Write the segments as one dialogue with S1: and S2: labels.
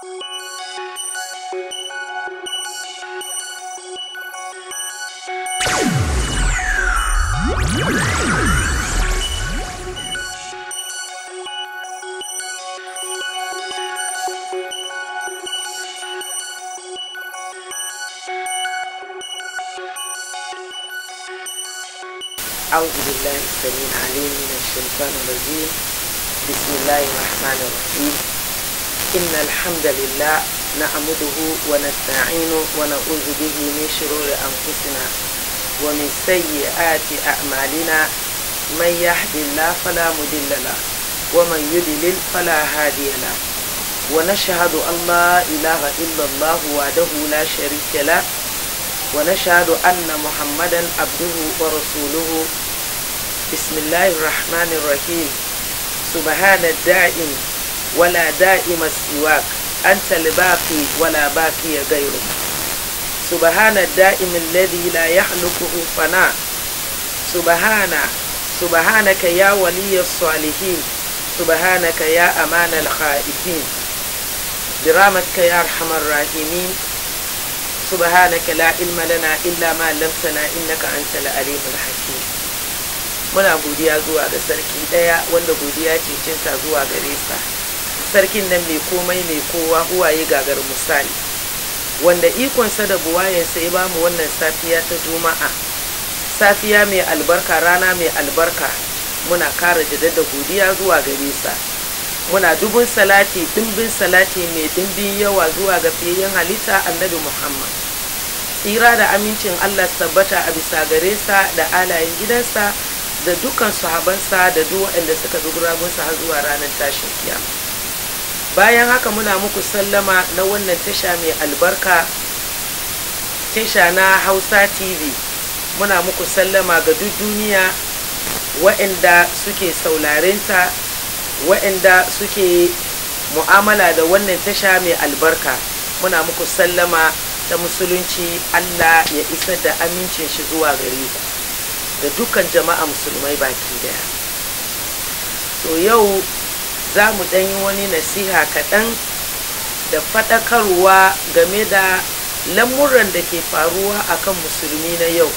S1: أعوذ بالله السميع العليم من الشيطان الرجيم بسم الله الرحمن الرحيم إن الحمد لله نعمده ونستعينه ونعوذ به من شرور أنفسنا ومن سيئات أعمالنا من يهد الله فلا مضل له ومن يضلل فلا هادي له ونشهد أن لا إله إلا الله وحده لا شريك له ونشهد أن محمدا عبده ورسوله بسم الله الرحمن الرحيم سبحان الدائم ولا دائم سواك أنت الباقي ولا باقي غيرك سبحان الدائم الذي لا يخلقه فناء سبحان سبحانك يا ولي الصالحين سبحانك يا أمان الخائفين برحمتك يا أرحم الراحمين سبحانك لا علم لنا إلا ما علمتنا إنك أنت العليم الحكيم muna godiya zuwa ga sarki ɗaya wanda godiya ce cinta zuwa gare sa sarkin nan mai komai mai kowa huwaye gagar misali wanda ikonsa da buwayensa ya bamu wannan safiya ta juma'a safiya mai albarka rana mai albarka muna kara jadadda godiya zuwa gare sa muna dubun salati dimbin salati mai dimbin yawa zuwa ga fiyayyen halitta annabi muhammad tsira da amincin allah tabbata a bisa gare sa da alayen gidansa da dukkan sahabansa da duk waɗanda suka bi guragunsa har zuwa ranar tashin kiyama bayan haka muna muku sallama na wannan tasha mai albarka tasha na hausa tv muna muku sallama ga duk duniya wa'inda suke saularinta wa'inda suke mu'amala da wannan tasha mai albarka muna muku sallama ta musulunci allah ya isa da amincin shi zuwa gare ku da dukkan jama'a musulmai baki daya to yau za mu ɗan yi wani nasiha kaɗan da faɗakarwa game da lamuran da ke faruwa akan musulmi na yau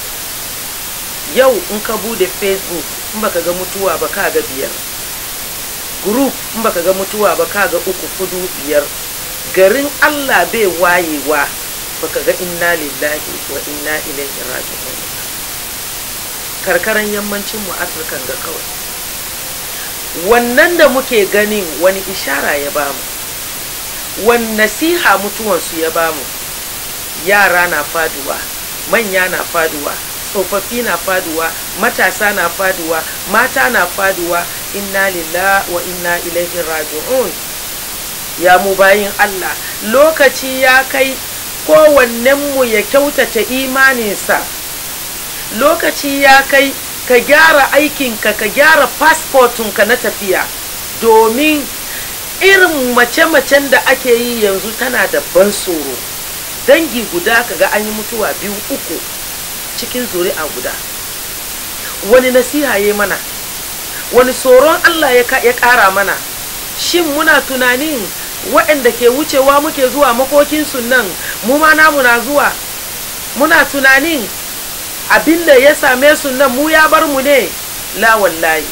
S1: yau in ka bude facebook in baka ga mutuwa ba ka ga biyar group in baka ga mutuwa ba ka ga uku hudu biyar garin allah bai wayewa baka ga inna lillahi wa inna ilaihi raji'un karkaran yammancin mu afirkan ga kawai wannan da muke ganin wani ishara ya bamu wani nasiha mutuwansu ya bamu yara na faduwa manya na faduwa tsofaffi na faduwa matasa na faduwa mata na faduwa inna wa inna ilaihi raji'un ya mu bayin Allah lokaci ya kai kowannenmu ya kyautata imaninsa lokaci ya kai ka gyara aikinka ka gyara fasfotinka na tafiya domin irin mace-macen da ake yi yanzu tana da ban tsoro dangi guda ka ga an yi mutuwa biyu uku cikin zuri'a guda wani nasiha ya mana wani tsoron allah ya ƙara mana shin muna tunanin waɗanda ke wucewa muke zuwa makokinsu nan mu ma namu na zuwa muna tunanin abinda ya same su nan mu ya bar mu ne la wallahi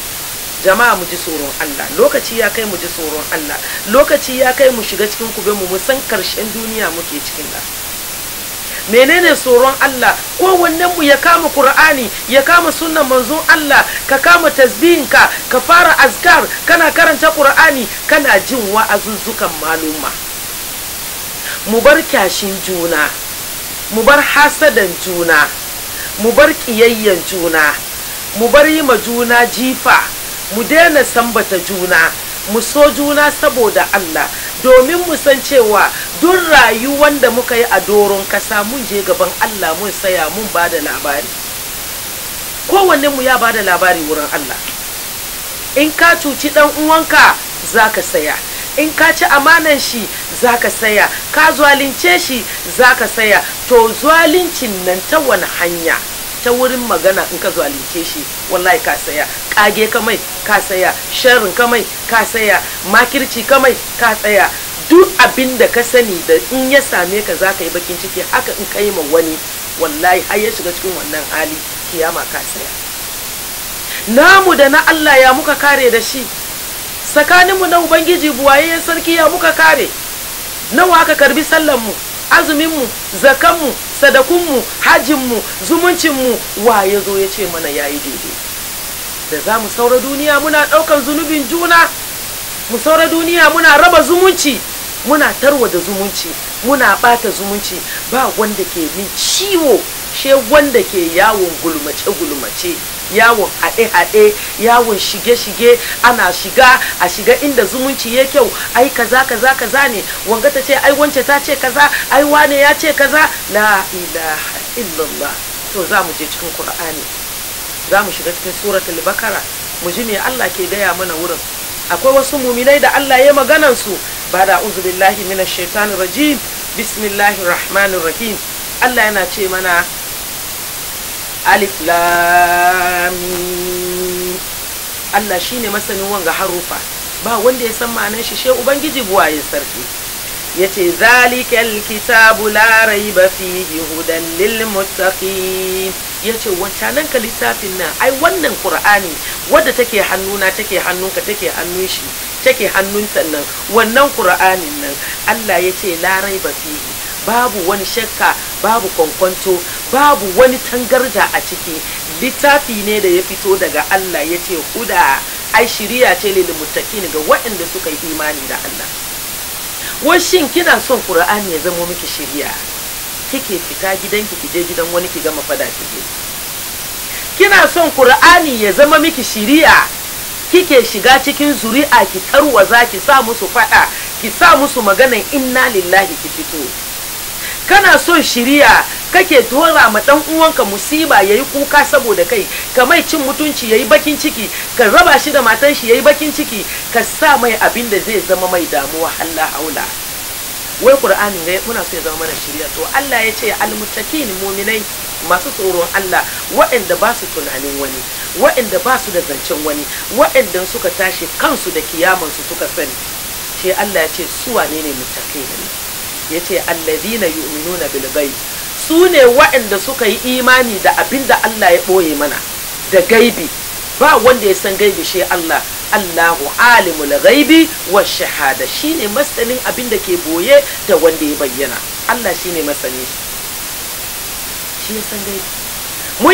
S1: jama'a mu ji tsoron Allah lokaci ya kai mu ji tsoron Allah lokaci ya kai mu shiga cikin kube mu san karshen duniya muke cikin da. menene tsoron Allah kowannen mu ya kama Qur'ani ya kama sunnan manzon Allah ka kama tasbihinka ka fara azkar kana karanta Qur'ani kana jin wa'azuzzukan maluma mu bar kyashin juna mu bar hasadan juna mu bar ƙiyayyen juna mu bar yi ma juna jifa mu daina sambata juna mu so juna saboda Allah domin mu san cewa duk rayuwan da muka yi a doron kasa mun je gaban Allah mun saya mun ba da labari kowanne mu ya ba da labari wurin Allah in ka cuci dan uwanka za ka saya in ka ci amanan shi za ka saya ka zalince shi za ka saya to zaluncin nan ta wani hanya ta wurin magana in ka zalunce shi wallahi ka saya kage ka mai ka saya sharrin ka mai ka saya makirci ka mai ka saya duk abin da ka sani da in ya same ka za ka yi bakin ciki haka in ka yi ma wani wallahi har ya shiga cikin wannan hali kiyama ka saya namu da na Allah ya muka kare da shi tsakaninmu na ubangiji buwaye sarki ya muka kare nawa aka karbi sallanmu azuminmu zakanmu sadakunmu hajinmu zumuncinmu wa ya zo ya ce mana ya yi daidai da za mu saura duniya muna ɗaukan zunubin juna mu saura duniya muna raba zumunci muna tarwa da zumunci muna ɓata zumunci ba wanda ke min ciwo she wanda ke yawon gulmace-gulmace yawon haɗe-haɗe yawon shige-shige ana shiga a shiga inda zumunci ya kyau ai kaza kaza kaza ne wanga ta ce ai wance ta ce kaza ai wane ya ce kaza la ilaha illallah to za mu je cikin qur'ani za mu shiga cikin suratul bakara mu ji me Allah ke gaya mana wurin akwai wasu muminai da Allah ya maganan su ba da uzubillahi minash shaitanir rajim bismillahir rahmanir rahim Allah yana ce mana alif lam Allah shine masanin wanga harufa ba wanda ya san ma'anar shi she ubangiji ya sarki yace zalikal kitabu la raiba fihi hudan lil muttaqin yace wancanan ka littafin nan ai wannan qur'ani wadda take hannuna take hannunka take hannun shi take hannun sannan wannan qur'anin nan Allah yace larai raiba fihi babu wani shakka babu kwankwanto babu wani tangarda a ciki littafi ne da ya fito daga Allah ya ce huda ai shiriya ce lil muttaqin ga waɗanda suka yi imani da Allah wai shin kina son Qur'ani ya zama miki shiriya kike fita gidanki ki gidan wani ki gama fada kije kina son Qur'ani ya zama miki shiriya kike shiga cikin zuri'a ki tarwaza ki sa musu fada ki sa musu maganan inna lillahi ki fito kana son shiriya kake tora ma dan uwanka musiba yayi kuka saboda kai ka mai cin mutunci yayi bakin ciki ka raba shi da matan shi yayi bakin ciki ka sa mai abin da zai zama mai damuwa Allah haula wai qur'ani ne muna so ya zama mana shiriya to Allah ya ce almuttaqin mu'minai masu tsoron Allah waɗanda ba su tunanin wani waɗanda ba su da zancen wani waɗanda suka tashi kansu da kiyamansu suka sani sai Allah ya ce su wane ne ne yace allazina yu'minuna bil ghaib su ne waɗanda suka yi imani da abin da Allah ya ɓoye mana da gaibi ba wanda ya san gaibi shi Allah Allahu alimul ghaibi wa shahada shine masanin abin da ke boye da wanda ya bayyana Allah shine masanin shi shi ya san gaibi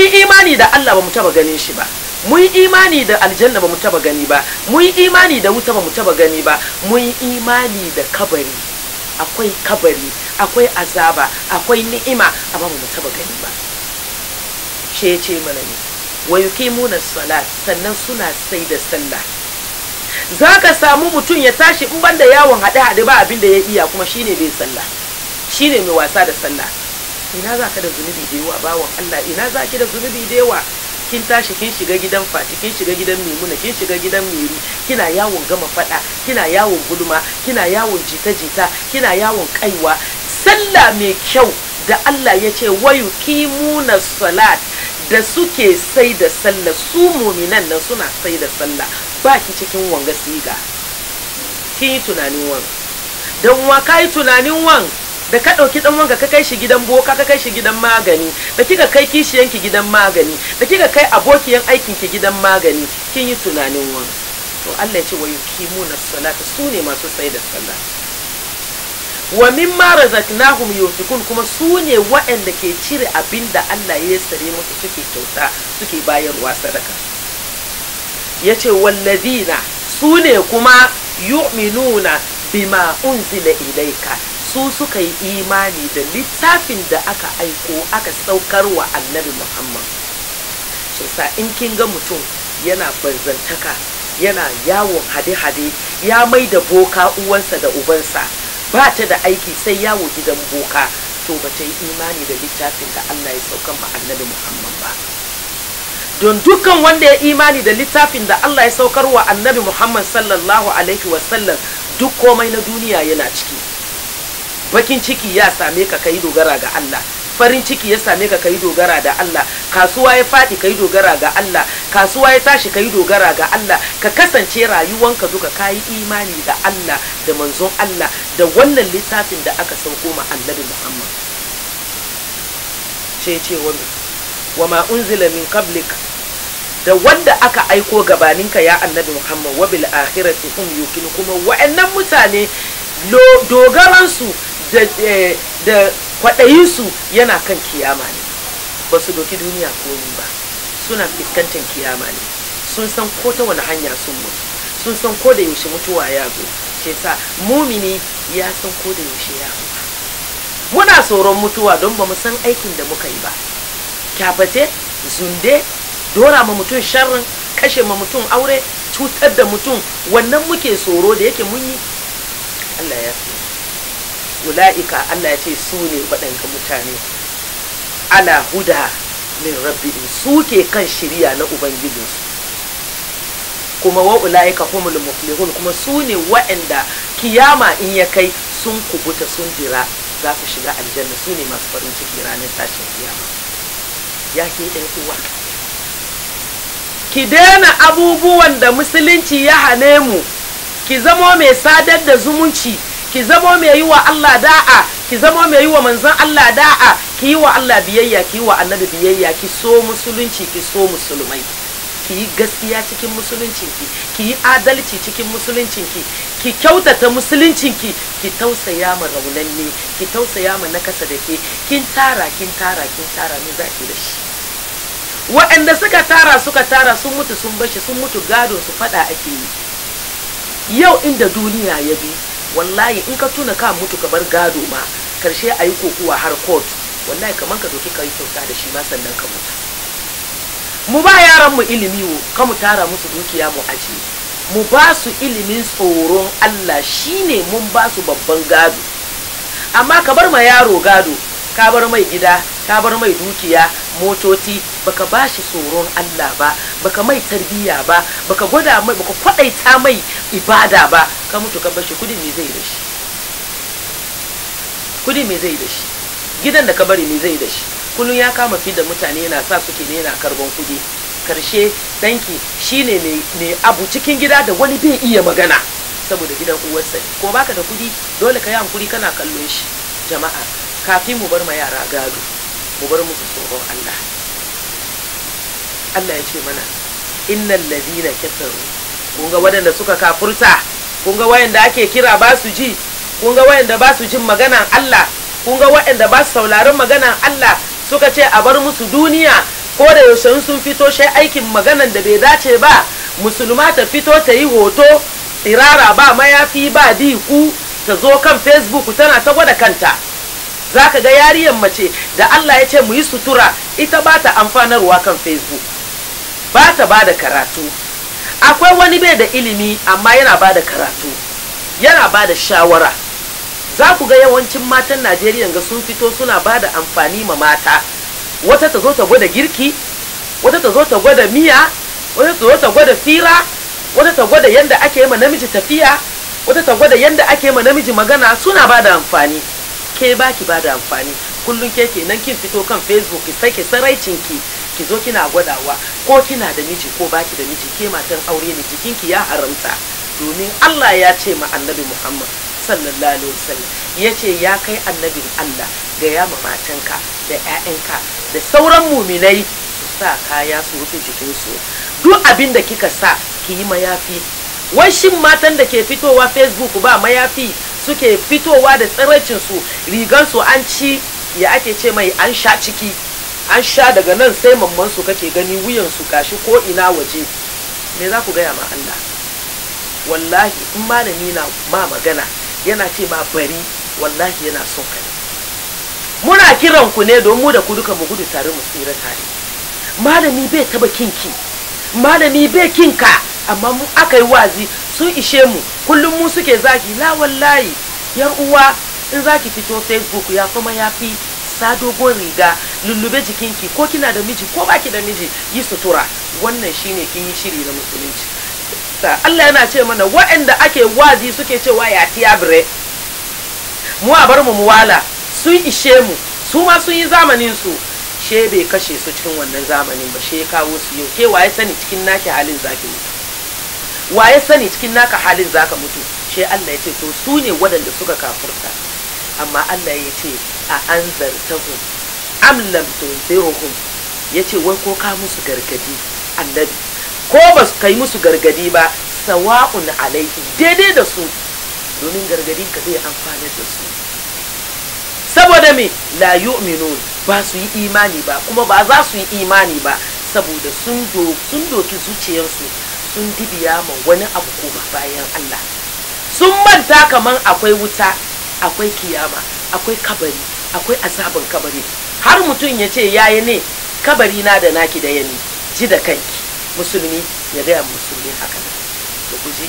S1: yi imani da Allah ba mu taba ganin shi ba yi imani da aljanna ba mu taba gani ba yi imani da wuta ba mu taba gani ba yi imani da kabari akwai kabari akwai azaba akwai ni'ima amma ba mu taba gani ba shi ce mana ne wa yuqimuna salat sannan suna sai da sallah Za ka samu mutum ya tashi in banda yawon haɗe haɗe ba abin da ya iya kuma shine bai sallah shine mai wasa da sallah ina za ka da zunubi da yawa bawan Allah ina za ki da zunubi da yawa kin tashi kin shiga gidan Fati kin shiga gidan Maimuna kin shiga gidan miri kina yawon gama fada kina yawon gulma kina yawon jita-jita kina yawon kaiwa sallah mai kyau da Allah ya ce wayu kimuna salat da suke sai da sallah su muminan nan suna sai da sallah ki cikin wanga siga kin yi tunanin wan dan wa kai tunanin wan da ka ɗauki ɗan wanka ka kai shi gidan boka ka kai shi gidan magani da kika kai kishiyanki gidan magani da kika kai abokiyan aikinki gidan magani kin yi tunanin wani to Allah ya ce wa yuqimuna salata su ne masu sai da sallah wa min ma razaqnahum yunfikun kuma su ne waɗanda ke cire abinda Allah ya sare musu suke kyauta suke bayarwa sadaka yace wallazina su ne kuma yu'minuna bima unzila ilaika su suka yi imani da littafin da aka aiko aka saukarwa annabi Muhammad. Shi sa in kin ga mutum yana banzantaka, yana yawon hade-hade, ya mai da boka uwansa da ubansa, ba ta da aiki sai yawo gidan boka, to ba ta yi imani da littafin da Allah ya saukan ma annabi Muhammad ba. Don dukkan wanda ya imani da littafin da Allah ya wa annabi Muhammad sallallahu Alaihi wasallam duk komai na duniya yana ciki. bakin ciki ya same ka kai dogara ga Allah farin ciki ya same ka kai dogara da Allah kasuwa ya fadi kai dogara ga Allah kasuwa ya tashi kai dogara ga Allah ka kasance rayuwanka duka kayi imani da Allah da manzon Allah da wannan littafin da aka sauko ma Annabi Muhammad ce ce wa ma unzila min qablik da wanda aka aiko gabaninka ya annabi muhammad wa bil akhirati hum yukin kuma wa'annan mutane dogaransu da kwaɗayinsu yana kan kiyama ne ba su doki duniya komi ba suna fuskantar kiyama ne sun san ko ta wani hanya sun mutu sun san ko da yaushe mutuwa ya zo shi sa mumini ya san ko da yaushe ya zo muna tsoron mutuwa don ba mu san aikin da muka yi ba kyafate zunde dora ma mutum sharrin kashe ma mutum aure cutar da mutum wannan muke tsoro da yake mun yi allah ya fi ula'ika Allah ya ce su ne waɗanda mutane ala huda min su suke kan shirya na ubangijinsu kuma wa ula'ika humul muflihun kuma su ne waɗanda kiyama in ya kai sun kubuta sun jira za su shiga aljanna su ne masu farin ciki ranar tashin kiyama ya ke uwa ki daina abubuwan da musulunci ya hane mu ki zamo mai sadar da zumunci ki zamo mai yi wa Allah da'a ki zamo mai yi wa manzon Allah da'a ki yi wa Allah biyayya ki yi wa annabi biyayya ki so musulunci ki so musulmai ki yi gaskiya cikin musuluncinki ki yi adalci cikin musuluncinki ki kyautata musuluncinki ki tausaya ma raunanne ki tausaya ma nakasa da ke kin tara kin tara kin tara me za da shi waɗanda suka tara suka tara sun mutu sun bashi sun mutu gado su faɗa ake yi yau inda duniya ya bi wallahi in ka tuna ka mutu ka bar gado ma karshe a yi kokuwa har court wallahi kamar ka doki ka yi kyauta da shi ma sannan ka mutu mu ba yaran mu ilimi wo ka mu tara musu dukiya mu aje mu ba su ilimin tsoron Allah shine mun ba su babban gado amma ka bar ma yaro gado ka bar mai gida ka bar mai dukiya motoci baka shi tsoron Allah ba baka mai tarbiyya ba baka gwada mai baka kwadaita mai ibada ba ka mutu ka bashi kudin me zai da shi kudi me zai da gidan da ka bari me zai da shi ya kama fi da mutane yana sa suke ne yana karban kudi karshe danki shine mai abu cikin gida da wani bai iya magana saboda gidan uwarsa ko baka da kudi dole ka yi hankuri kana kallon shi jama'a kafin mu bar ma yara gado mu bar musu tsoron Allah Allah ya ce mana innal ladina kafaru kun ga waɗanda suka kafurta kun ga waɗanda ake kira ba su ji kun ga waɗanda ba su jin maganan Allah kun ga waɗanda ba su sauraron maganan Allah suka ce a bar musu duniya ko da yaushe sun fito shai aikin maganan da bai dace ba musulma ta fito ta yi hoto tsirara ba mayafi ba diku ta zo kan facebook tana ta gwada kanta za ka ga yariyar mace da Allah ya ce mu yi sutura ita ba ta amfanarwa kan facebook ba ta ba da karatu akwai wani bai da ilimi amma yana ba da karatu yana ba da shawara za ku ga yawancin matan najeriya ga sun fito suna ba da amfani ma mata wata ta zo ta gwada girki wata ta zo ta gwada miya wata ta zo ta gwada fira wata ta gwada yadda ake yi ma namiji tafiya wata ta gwada yadda ake yi ma namiji magana suna ba da amfani ke ba ki ba da amfani kullum ke nan kin fito kan facebook ki sake saraicin ki ki zo kina gwadawa ko kina da miji ko baki da miji ke matan aure ne jikinki ya haramta domin Allah ya ce ma annabi Muhammad sallallahu alaihi wasallam ya ce ya kai annabin Allah gaya ma matanka da 'ya'yanka da sauran muminai su sa kaya su rufe jikinsu duk abin da kika sa ki yi mayafi wai shin matan da ke fitowa facebook ba mayafi suke fitowa da tsiraicinsu rigansu an ci ya ake ce mai an sha ciki an sha daga nan sai mammansu kake gani wuyansu gashi ko ina waje me za ku gaya ma Allah wallahi in malami na ma magana yana ce ma bari wallahi yana son ka muna kiran ku ne don mu da ku duka mu gudu tare mu tsira tare malami bai taba kinki malami bai kinka amma mu aka yi wazi sun ishe mu kullum mu suke zagi la wallahi yar uwa in zaki fito facebook ya kuma ya fi sa dogon riga lullube jikinki ko kina da miji ko baki da miji yi sutura wannan shine kin yi shiri na musulunci Allah yana ce mana waɗanda ake wazi suke cewa ya bre mu a bar mu wala sun ishe mu su ma sun yi zamanin su she bai kashe su cikin wannan zamanin ba she ya kawo su yau ke waye sani cikin naki halin zaki mutu wa ya sani cikin naka halin zaka mutu she Allah ya ce to su ne waɗanda suka kafurta amma Allah ya ce a anzartahum am lam tunzirhum ya ce wai ko ka musu gargadi annabi ko ba su kai musu gargadi ba sawa'un alaihi daidai da su domin gargadin ka zai amfanar da su saboda me la yu'minun ba su yi imani ba kuma ba za su yi imani ba saboda sun doki zuciyarsu sun dibiya ma wani abu ko ba bayan Allah sun manta kaman akwai wuta akwai kiyama akwai kabari akwai azabin kabari har mutum ya ce yayi ne kabari na da naki da yani ji da kanki musulmi ya gaya musulmi haka nan to ku ji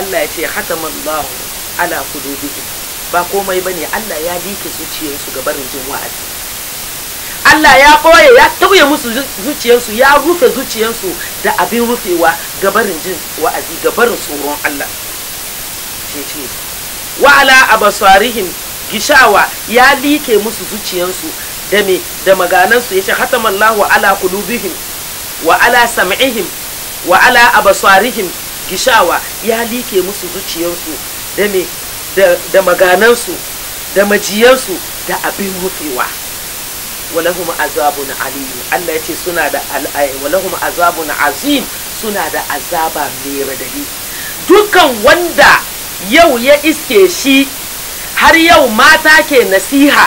S1: Allah ya ce hatamallahu ala qulubihim ba komai bane Allah ya like zuciyarsu ga barin jin wa'azi Allah ya koye ya tauye musu zuciyarsu ya rufe zuciyarsu da abin rufewa gabarin jin wa'azi gabarin tsoron Allah ce ce wa'ala abasarihim gishawa ya like musu zuciyarsu da me da maganansu ya ce hatamallahu ala kulubihim wa ala sam'ihim wa ala abasarihim gishawa ya like musu zuciyarsu da me da maganansu da majiyarsu da abin rufewa walahum azabun alim Allah ya ce suna da walahum azabun azim suna da azaba mai radadi dukan wanda yau ya iske shi har yau mata ke nasiha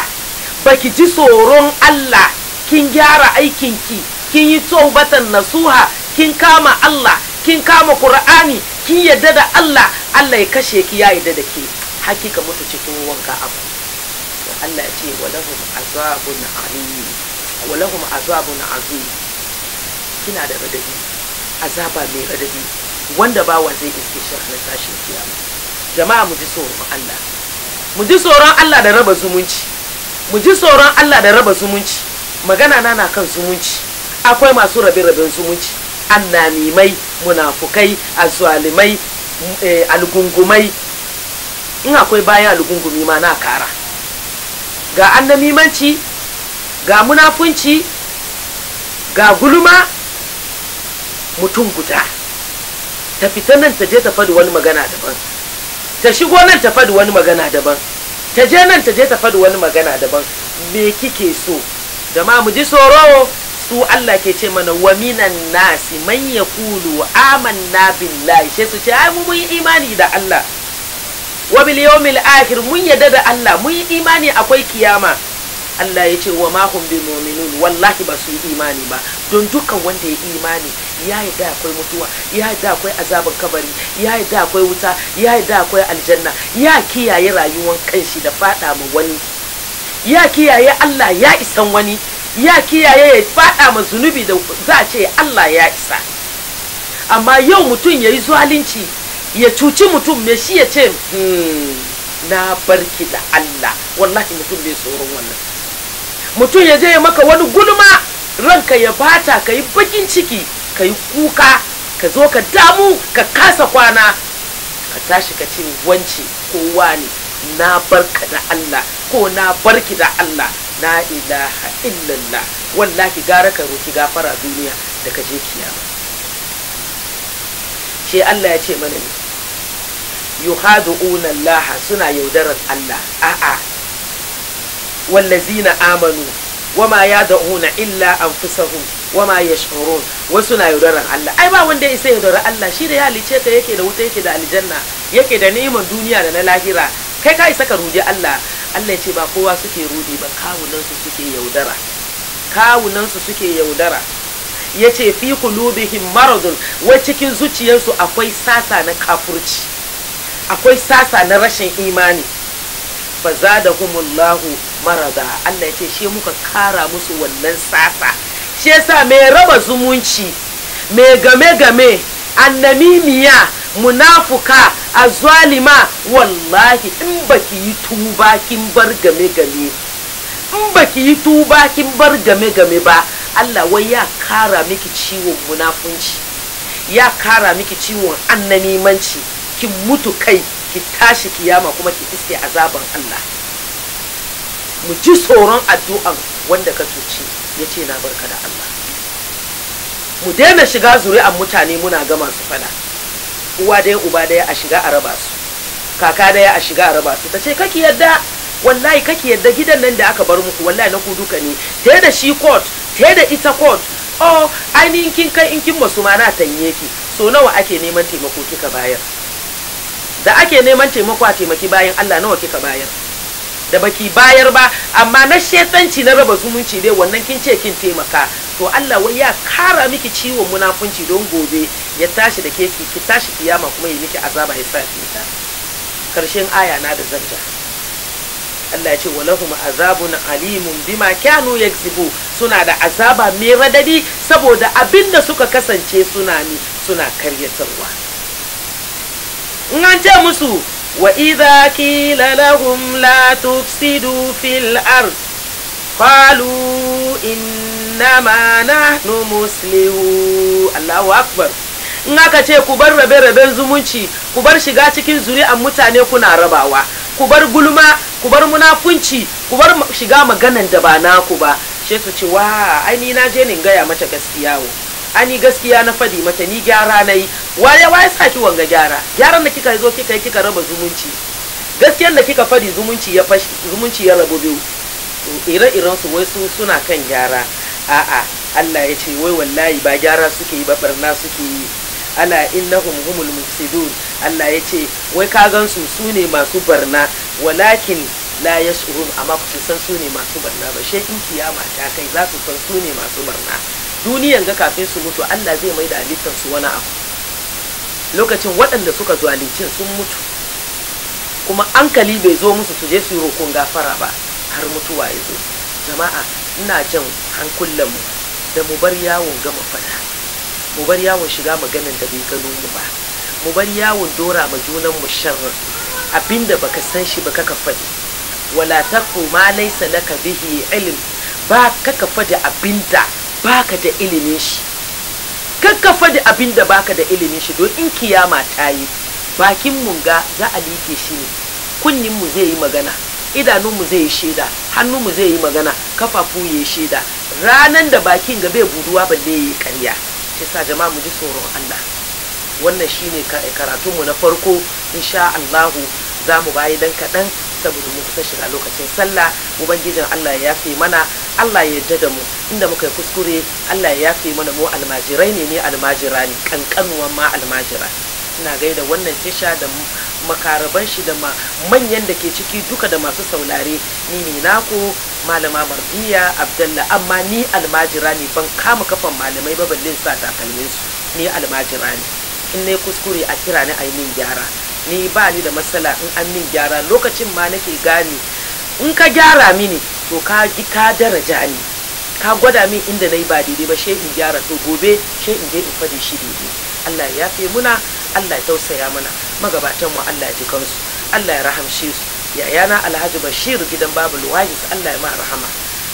S1: baki ji tsoron Allah kin gyara aikinki kin yi taubatan nasuha kin kama Allah kin kama Qur'ani kin yadda da Allah Allah ya kashe ki ya yadda da ke hakika mutu cikin wanka abu Allah ya ce walahum azabun alim walahum azabun azim kina da radadi azaba mai radadi wanda bawa zai iske shi ranar tashin kiyama jama'a mu ji tsoron Allah mu ji tsoron Allah da raba zumunci mu ji tsoron Allah da raba zumunci magana na na kan zumunci akwai masu rabe raben zumunci annamimai munafukai azalimai eh, algungumai in akwai bayan algungumi ma na kara ga annamimanci ga munafunci ga gulma mutum guda ta fita nan ta je ta faɗi wani magana daban ta shigo nan ta faɗi wani magana daban ta je nan ta je ta faɗi wani magana daban me kike so da ma mu ji tsoro su Allah ke ce mana wa minan nasi man yaqulu amanna billahi sai su ce ai mu mun imani da Allah wa bil yawmil akhir mun yadda da Allah mun yi imani akwai kiyama Allah ya ce wa ma hum bi mu'minun wallahi ba su yi imani ba don dukkan wanda ya imani ya yadda akwai mutuwa ya yadda akwai azaban kabari ya yadda akwai wuta ya yadda akwai aljanna ya kiyaye rayuwar kanshi da fada ma wani ya kiyaye Allah ya isan wani ya kiyaye ya fada ma zunubi da za a ce Allah ya isa amma yau mutum ya yi zalunci ya cuci mutum me shi ya ce hmm, na barki da Allah wallahi mutum bai tsoron wannan mutum ya je maka wani gulma ranka ya bata ka yi bakin ciki ka yi kuka ka zo ka damu ka kasa kwana ka tashi ka ce wance kowa ne na barka da Allah ko na barki da Allah na ilaha illallah wallahi gara ka roki gafara duniya da ka je kiyama shi Allah ya ce mana ne yuhadu'una Allah suna yaudarar Allah a'a wallazina amanu wama yad'una illa anfusahum wama yash'urun wa suna yaudarar Allah ai ba wanda isa yaudarar Allah shi da ya halice ka yake da wuta yake da aljanna yake da neman duniya da na lahira kai ka isa ka Allah Allah ya ce ba kowa suke rudi ba kawunan su suke yaudara kawunan su suke yaudara ya fi kulubihim maradun wa cikin zuciyarsu akwai sasa na kafurci akwai sasa na rashin imani fa mara marada Allah ya ce shi muka kara musu wannan sasa shi yasa mai raba zumunci mai game-game annamimiya munafuka a azalima wallahi in baki yi tuba kin bar game-game in baki yi tuba kin bar game-game ba Allah wai ya kara miki ciwon munafunci ya kara miki ciwon annamimanci Kin mutu kai ki tashi kiyama kuma ki iske azaban Allah mu ji tsoron addu'an wanda ka cuci ya ce na barka da Allah mu daina shiga zuri'an mutane muna gama su fada uwa da uba daya a shiga a raba su kaka daya a shiga a raba su ta ce kaki yadda wallahi kaki yadda gidan nan da aka bar muku wallahi na ku duka ne ta da shi court ta da ita kot." oh ainihin kin kai in kin masu ma na tanye ki so nawa ake neman taimako kika bayar da ake neman taimako a taimaki bayan Allah nawa kika bayar da baki bayar ba amma na shetanci na raba zumunci dai wannan kin ce kin taimaka to Allah wai ya kara miki ciwon munafunci don gobe ya tashi da keki ki tashi kiyama kuma ya miki azaba ya sa ta karshen aya na da zanta Allah ya ce walahum azabun alimun bima kanu yakzibu suna da azaba mai radadi saboda abinda suka kasance suna ni suna karyatarwa in an ce musu wa idza kila lahum la tufsidu fil ard qalu innama nahnu muslimu Allahu akbar in aka ce ku bar rabe-raben zumunci ku bar shiga cikin zuri'an mutane kuna rabawa ku bar gulma ku bar munafunci ku bar shiga maganan da ba naku ba sai su ce wa ai ni na je ne gaya mata gaskiya wo ani gaskiya na fadi mata ni gyara na yi waye waye sa ki wanga gyara gyaran da kika zo kika yi kika raba zumunci Gaskiyar da kika fadi zumunci ya fashi zumunci ya rabu biyu ire-iren su wai su suna kan gyara a'a Allah ya ce wai wallahi ba gyara suke yi ba barna suke yi ala innahum humul mufsidun Allah ya ce wai ka gansu su ne masu barna walakin la yashurun amma ku san su ne masu barna ba shekin kiyama ta kai za su san su ne masu barna duniyan ga kafin su mutu Allah zai mai da halittar su wani abu lokacin waɗanda suka zalincin sun mutu kuma ankali bai zo musu su je su yi roƙon gafara ba har mutuwa ya zo jama'a ina jan hankulanmu da mu bar yawon gama fada mu bar yawon shiga maganan da bai gano mu ba mu bar yawon dora ma junan mu sharrin abinda baka san shi ba kaka faɗi wala taqu ma laysa laka bihi ilm ba kaka faɗi abinda baka da ilimin shi kakka faɗi abin da baka da ilimin shi don in kiyama ta yi bakin munga za a like shi ne kunnin mu zai yi magana idanun mu zai yi shaida hannu mu zai yi magana kafafu ya yi shaida ranan da bakin ga bai buduwa balle ya yi karya ta sa jama'a mu ji tsoron Allah wannan shine karatunmu na farko insha Allahu za mu bayi dan kaɗan saboda mu kusan shiga lokacin sallah ubangijin Allah ya yafe mana Allah ya yarda da mu inda muka yi kuskure Allah ya yafe mana mu almajirai ne ni almajira ne kankanuwan ma almajira ina gaida wannan tisha da makaraban shi da manyan da ke ciki duka da masu saulare ni ne naku malama mardiya abdalla amma ni almajira ne ban kama kafan malamai ba ballin sa takalmin su ni almajira ne in nayi kuskure a kira ni a yi min gyara ni ba ni da matsala in an min gyara lokacin ma nake gane in ka gyara mini to ka ka daraja ni ka gwada min inda nayi ba daidai ba she in gyara to gobe she in je in fade shi daidai Allah ya yafe muna Allah ya tausaya mana magabatan mu Allah ya ji kansu Allah ya rahamshe su yayana Alhaji Bashir gidan Babu Wahis Allah ya ma rahama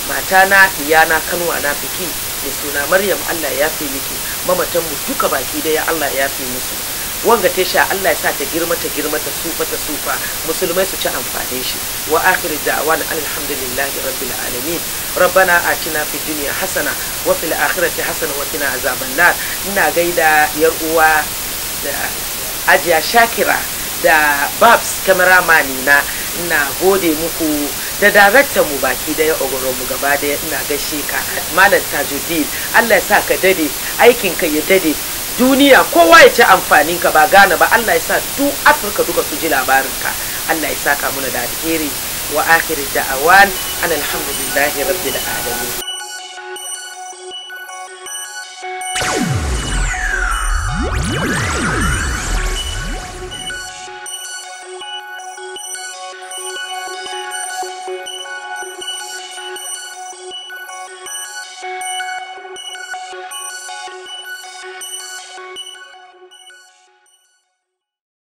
S1: matana iyana kanwa na fiki mai suna Maryam Allah ya yafe miki mamatan mu duka baki daya Allah ya yafe musu wanga tasha Allah ya sa ta girma ta girma ta sufa ta sufa musulmai su ci amfani shi wa akhiru da'wana alhamdulillahi rabbil alamin rabbana atina fid dunya hasana wa fil akhirati hasana wa qina azaban nar ina gaida yar uwa da ajiya shakira da babs mani na ina gode muku da darakta mu baki daya ogoro mu gaba daya ina gaishe ka malam tajuddin Allah ya sa ka dade aikin ka ya dade duniya kowa ya ci amfanin ka ba gane ba Allah ya sa duk Afirka duka su ji labarin ka Allah ya saka muna da alheri wa akhir da'awan an alhamdulillahi rabbil alamin